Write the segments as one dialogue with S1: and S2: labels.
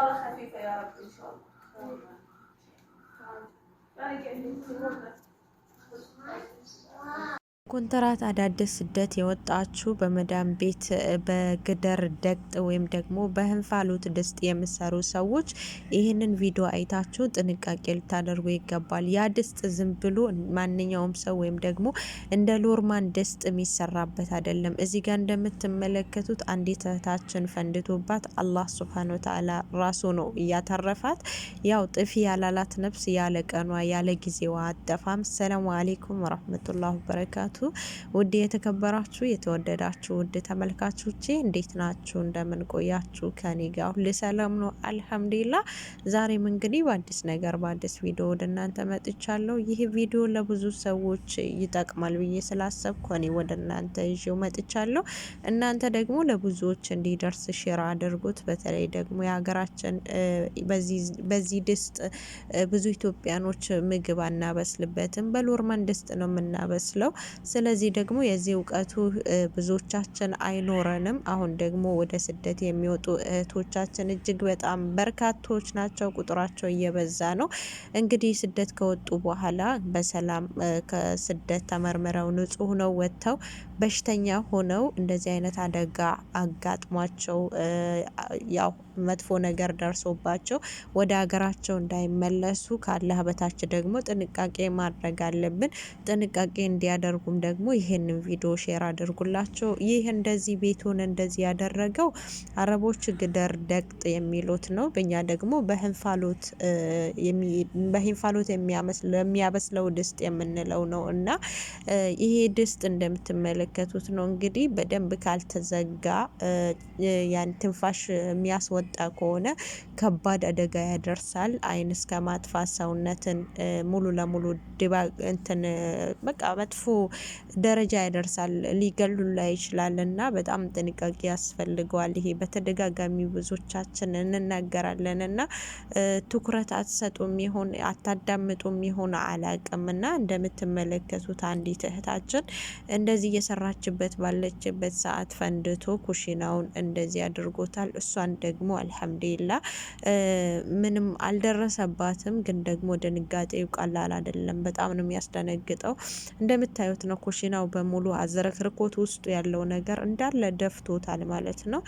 S1: alle kippen ja, inshaAllah. ja, ኮንትራት አዳዲስ ስደት የወጣችሁ በመዳም ቤት በግደር ደግጥ ወይም ደግሞ በእንፋሎት ድስት የምሰሩ ሰዎች ይህንን ቪዲዮ አይታችሁ ጥንቃቄ ልታደርጉ ይገባል። ያ ድስት ዝም ብሎ ማንኛውም ሰው ወይም ደግሞ እንደ ሎርማን ድስት የሚሰራበት አይደለም። እዚህ ጋር እንደምትመለከቱት አንዲት እህታችን ፈንድቶባት አላህ ሱብሃነ ወተዓላ ራሱ ነው እያተረፋት። ያው ጥፊ ያላላት ነፍስ ያለ ቀኗ ያለ ጊዜዋ አጠፋም። ሰላሙ አሌይኩም ወረህመቱላሁ በረካቱ ውድ የተከበራችሁ የተወደዳችሁ ውድ ተመልካቾቼ እንዴት ናችሁ? እንደምን ቆያችሁ? ከኔ ጋር ሁሉ ሰላም ነው አልሐምዱሊላ። ዛሬም እንግዲህ በአዲስ ነገር በአዲስ ቪዲዮ ወደ እናንተ መጥቻለሁ። ይህ ቪዲዮ ለብዙ ሰዎች ይጠቅማል ብዬ ስላሰብኩ እኔ ወደ እናንተ ይዤው መጥቻለሁ። እናንተ ደግሞ ለብዙዎች እንዲደርስ ሼር አድርጉት። በተለይ ደግሞ የሀገራችን በዚህ ድስት ብዙ ኢትዮጵያኖች ምግብ አናበስልበትም፣ በሎርማን ድስት ነው የምናበስለው። ስለዚህ ደግሞ የዚህ እውቀቱ ብዙዎቻችን አይኖረንም። አሁን ደግሞ ወደ ስደት የሚወጡ እህቶቻችን እጅግ በጣም በርካቶች ናቸው። ቁጥራቸው እየበዛ ነው። እንግዲህ ስደት ከወጡ በኋላ በሰላም ከስደት ተመርምረው ንጹህ ነው ወጥተው በሽተኛ ሆነው እንደዚህ አይነት አደጋ አጋጥሟቸው ያው መጥፎ ነገር ደርሶባቸው ወደ ሀገራቸው እንዳይመለሱ ካለ በታች ደግሞ ጥንቃቄ ማድረግ አለብን። ጥንቃቄ እንዲያደርጉም ደግሞ ይህንን ቪዲዮ ሼር አድርጉላቸው። ይህ እንደዚህ ቤቱን እንደዚህ ያደረገው አረቦች ግደር ደቅጥ የሚሉት ነው። በእኛ ደግሞ በህንፋሎት የሚያበስለው ድስት የምንለው ነው እና ይሄ ድስጥ እንደምትመለከ እንደምትመለከቱት ነው እንግዲህ በደንብ ካልተዘጋ ያን ትንፋሽ የሚያስወጣ ከሆነ ከባድ አደጋ ያደርሳል። አይን እስከ ማጥፋት ሰውነትን ሙሉ ለሙሉ ድባቅ እንትን በቃ መጥፎ ደረጃ ያደርሳል። ሊገሉ ላይ ይችላል እና በጣም ጥንቃቄ ያስፈልገዋል። ይሄ በተደጋጋሚ ብዙዎቻችን እንናገራለን እና ትኩረት አትሰጡም ይሆን አታዳምጡም ይሆን አላቅም እና እንደምትመለከቱት አንዲት እህታችን እንደዚህ እየሰራ እየሰራችበት ባለችበት ሰዓት ፈንድቶ ኩሽናውን እንደዚህ አድርጎታል። እሷን ደግሞ አልሐምዱሊላ ምንም አልደረሰባትም፣ ግን ደግሞ ድንጋጤው ቀላል አይደለም። በጣም ነው የሚያስደነግጠው። እንደምታዩት ነው ኩሽናው በሙሉ አዘረክርኮት ውስጡ ያለው ነገር እንዳለ ደፍቶታል ማለት ነው።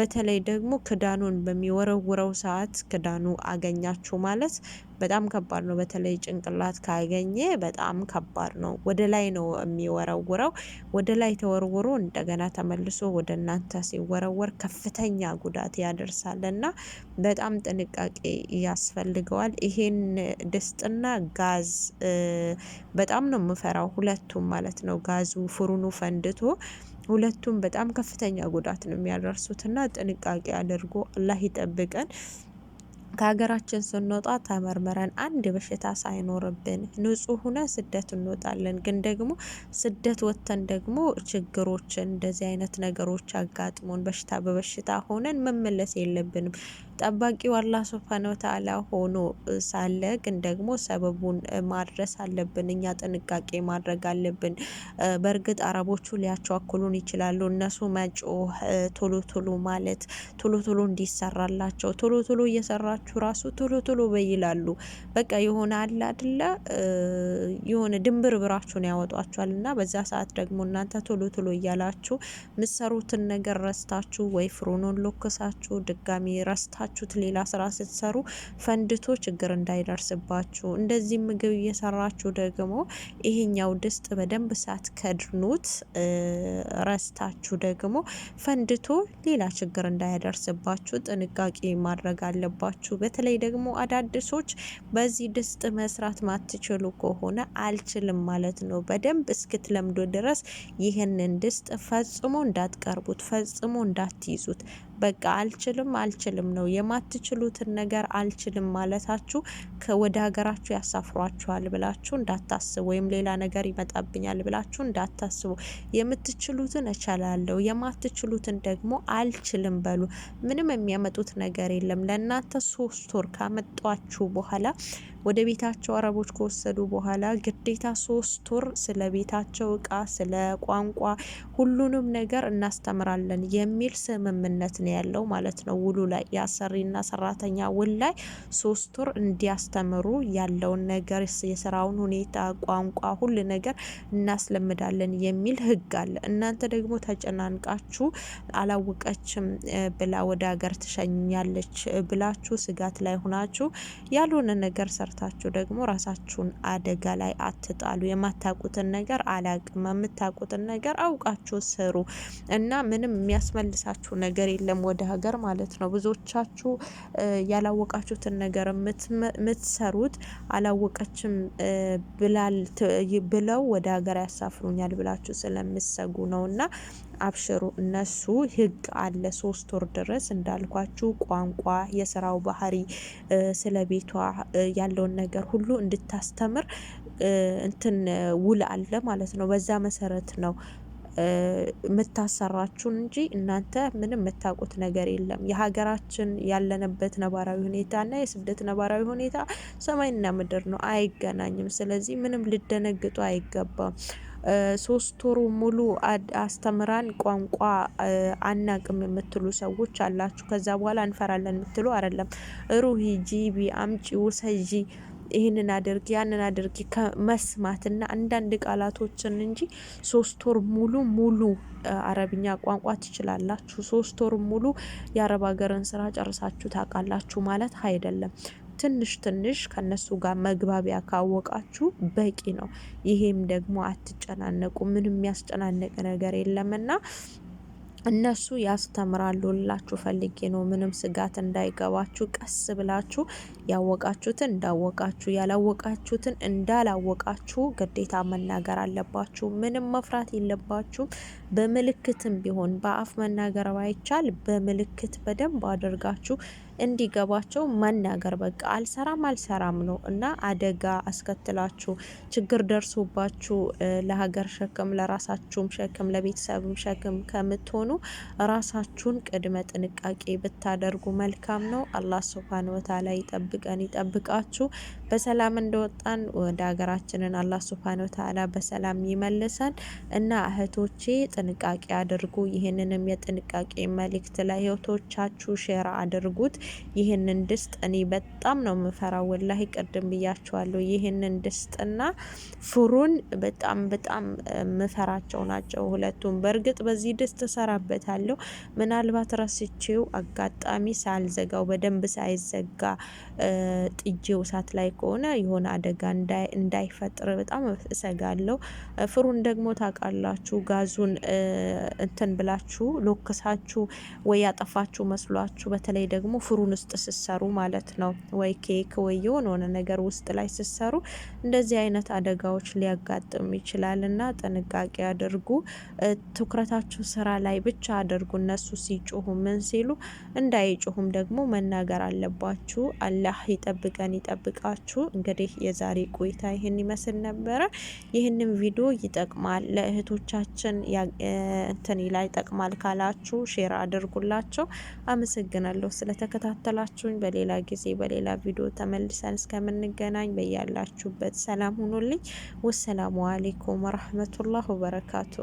S1: በተለይ ደግሞ ክዳኑን በሚወረውረው ሰዓት ክዳኑ አገኛችሁ ማለት በጣም ከባድ ነው። በተለይ ጭንቅላት ካገኘ በጣም ከባድ ነው። ወደ ላይ ነው የሚወረውረው። ወደ ላይ ተወርውሮ እንደገና ተመልሶ ወደ እናንተ ሲወረወር ከፍተኛ ጉዳት ያደርሳል እና በጣም ጥንቃቄ ያስፈልገዋል። ይሄን ድስጥና ጋዝ በጣም ነው የምፈራው፣ ሁለቱም ማለት ነው። ጋዙ ፍሩኑ ፈንድቶ ሁለቱም በጣም ከፍተኛ ጉዳት ነው የሚያደርሱትና ጥንቃቄ አድርጎ አላህ ይጠብቀን። ከሀገራችን ስንወጣ ተመርምረን አንድ በሽታ ሳይኖርብን ንጹህ ሆነ ስደት እንወጣለን። ግን ደግሞ ስደት ወጥተን ደግሞ ችግሮችን እንደዚህ አይነት ነገሮች አጋጥሞን በሽታ በበሽታ ሆነን መመለስ የለብንም። ጠባቂው አላህ ሱብሃነሁ ወተዓላ ሆኖ ሳለ ግን ደግሞ ሰበቡን ማድረስ አለብን። እኛ ጥንቃቄ ማድረግ አለብን። በእርግጥ አረቦቹ ሊያቸዋክሉን ይችላሉ። እነሱ መጮ ቶሎ ቶሎ ማለት፣ ቶሎ ቶሎ እንዲሰራላቸው ቶሎ ቶሎ እየሰራችሁ ራሱ ቶሎ ቶሎ በይላሉ። በቃ የሆነ አለ አደለ የሆነ ድንብር ብራችሁን ያወጧችኋል። እና በዛ ሰዓት ደግሞ እናንተ ቶሎ ቶሎ እያላችሁ ምሰሩትን ነገር ረስታችሁ ወይ ፍሩኑን ሎክሳችሁ ድጋሚ ረስታችሁ የሰራችሁት ሌላ ስራ ስትሰሩ ፈንድቶ ችግር እንዳይደርስባችሁ፣ እንደዚህ ምግብ እየሰራችሁ ደግሞ ይሄኛው ድስት በደንብ ሳትከድኑት ረስታችሁ ደግሞ ፈንድቶ ሌላ ችግር እንዳያደርስባችሁ ጥንቃቄ ማድረግ አለባችሁ። በተለይ ደግሞ አዳዲሶች በዚህ ድስት መስራት ማትችሉ ከሆነ አልችልም ማለት ነው። በደንብ እስክትለምዶ ድረስ ይህንን ድስት ፈጽሞ እንዳትቀርቡት፣ ፈጽሞ እንዳትይዙት። በቃ አልችልም አልችልም ነው የማትችሉትን ነገር አልችልም ማለታችሁ ወደ ሀገራችሁ ያሳፍሯችኋል ብላችሁ እንዳታስቡ፣ ወይም ሌላ ነገር ይመጣብኛል ብላችሁ እንዳታስቡ። የምትችሉትን እችላለሁ፣ የማትችሉትን ደግሞ አልችልም በሉ። ምንም የሚያመጡት ነገር የለም። ለእናንተ ሶስት ወር ካመጧችሁ በኋላ ወደ ቤታቸው አረቦች ከወሰዱ በኋላ ግዴታ ሶስት ወር ስለ ቤታቸው እቃ፣ ስለ ቋንቋ፣ ሁሉንም ነገር እናስተምራለን የሚል ስምምነት ነው ያለው ማለት ነው። ውሉ ላይ የአሰሪና ሰራተኛ ውል ላይ ሶስት ወር እንዲያስተምሩ ያለውን ነገር የስራውን ሁኔታ፣ ቋንቋ፣ ሁሉ ነገር እናስለምዳለን የሚል ህግ አለ። እናንተ ደግሞ ተጨናንቃችሁ አላወቀችም ብላ ወደ ሀገር ትሸኛለች ብላችሁ ስጋት ላይ ሆናችሁ ያልሆነ ነገር ሰርተ ሰርታችሁ ደግሞ ራሳችሁን አደጋ ላይ አትጣሉ። የማታውቁትን ነገር አላቅም፣ የምታውቁትን ነገር አውቃችሁ ስሩ እና ምንም የሚያስመልሳችሁ ነገር የለም ወደ ሀገር ማለት ነው። ብዙዎቻችሁ ያላወቃችሁትን ነገር የምትሰሩት አላወቀችም ብላል ብለው ወደ ሀገር ያሳፍሩኛል ብላችሁ ስለምሰጉ ነው እና አብሽሩ እነሱ ህግ አለ ሶስት ወር ድረስ እንዳልኳችሁ ቋንቋ፣ የስራው ባህሪ፣ ስለ ቤቷ ያለውን ነገር ሁሉ እንድታስተምር እንትን ውል አለ ማለት ነው። በዛ መሰረት ነው የምታሰራችሁን እንጂ እናንተ ምንም የምታውቁት ነገር የለም። የሀገራችን ያለንበት ነባራዊ ሁኔታና የስደት ነባራዊ ሁኔታ ሰማይና ምድር ነው፣ አይገናኝም። ስለዚህ ምንም ልደነግጡ አይገባም። ሶስት ወሩ ሙሉ አስተምራን ቋንቋ አናቅም የምትሉ ሰዎች አላችሁ። ከዛ በኋላ እንፈራለን የምትሉ አይደለም። ሩሂ፣ ጂቢ፣ አምጪ፣ ውሰጂ፣ ይህንን አድርጊ፣ ያንን አድርጊ ከመስማትና አንዳንድ ቃላቶችን እንጂ ሶስት ወር ሙሉ ሙሉ አረብኛ ቋንቋ ትችላላችሁ፣ ሶስት ወር ሙሉ የአረብ ሀገርን ስራ ጨርሳችሁ ታውቃላችሁ ማለት አይደለም። ትንሽ ትንሽ ከነሱ ጋር መግባቢያ ካወቃችሁ በቂ ነው። ይሄም ደግሞ አትጨናነቁ፣ ምንም የሚያስጨናንቅ ነገር የለምና እነሱ ያስተምራሉ ፈልጌ ነው። ምንም ስጋት እንዳይገባችሁ፣ ቀስ ብላችሁ ያወቃችሁትን እንዳወቃችሁ፣ ያላወቃችሁትን እንዳላወቃችሁ ግዴታ መናገር አለባችሁ። ምንም መፍራት የለባችሁም። በምልክትም ቢሆን በአፍ መናገር ባይቻል በምልክት በደንብ አድርጋችሁ እንዲገባቸው መናገር በቃ አልሰራም አልሰራም ነው እና አደጋ አስከትላችሁ ችግር ደርሶባችሁ ለሀገር ሸክም ለራሳችሁም ሸክም ለቤተሰብም ሸክም ከምትሆኑ ራሳችሁን ቅድመ ጥንቃቄ ብታደርጉ መልካም ነው። አላህ ሱብሃነ ወተዓላ ይጠብቀን ይጠብቃችሁ። በሰላም እንደወጣን ወደ ሀገራችንን አላህ ሱብሃነ ወተዓላ በሰላም ይመልሰን እና እህቶቼ ጥንቃቄ አድርጉ። ይህንንም የጥንቃቄ መልእክት ለእህቶቻችሁ ሼር አድርጉት። ይህንን ድስት እኔ በጣም ነው የምፈራው። ወላሂ ቅድም ብያችኋለሁ። ይህንን ድስትና ፍሩን በጣም በጣም ምፈራቸው ናቸው ሁለቱም። በእርግጥ በዚህ ድስት እሰራበታለሁ። ምናልባት ረስቼው አጋጣሚ ሳልዘጋው በደንብ ሳይዘጋ ጥጄው እሳት ላይ ከሆነ የሆነ አደጋ እንዳይፈጥር በጣም እሰጋለሁ። ፍሩን ደግሞ ታውቃላችሁ ጋዙን እንትን ብላችሁ ሎክሳችሁ ወይ ያጠፋችሁ መስሏችሁ በተለይ ደግሞ ፍሩን ውስጥ ስሰሩ ማለት ነው ወይ ኬክ ወይ የሆነ ነገር ውስጥ ላይ ስሰሩ እንደዚህ አይነት አደጋዎች ሊያጋጥም ይችላል እና ጥንቃቄ አድርጉ። ትኩረታችሁ ስራ ላይ ብቻ አድርጉ። እነሱ ሲጮሁ ምን ሲሉ እንዳይጮሁም ደግሞ መናገር አለባችሁ። አላህ ይጠብቀን ይጠብቃችሁ። ያላችሁ። እንግዲህ የዛሬ ቆይታ ይህን ይመስል ነበረ። ይህንም ቪዲዮ ይጠቅማል ለእህቶቻችን እንትን ላይ ይጠቅማል ካላችሁ ሼር አድርጉላቸው። አመሰግናለሁ ስለተከታተላችሁኝ። በሌላ ጊዜ በሌላ ቪዲዮ ተመልሰን እስከምንገናኝ በያላችሁበት ሰላም ሁኑልኝ። ወሰላሙ አሌይኩም ወረህመቱላህ ወበረካቱ።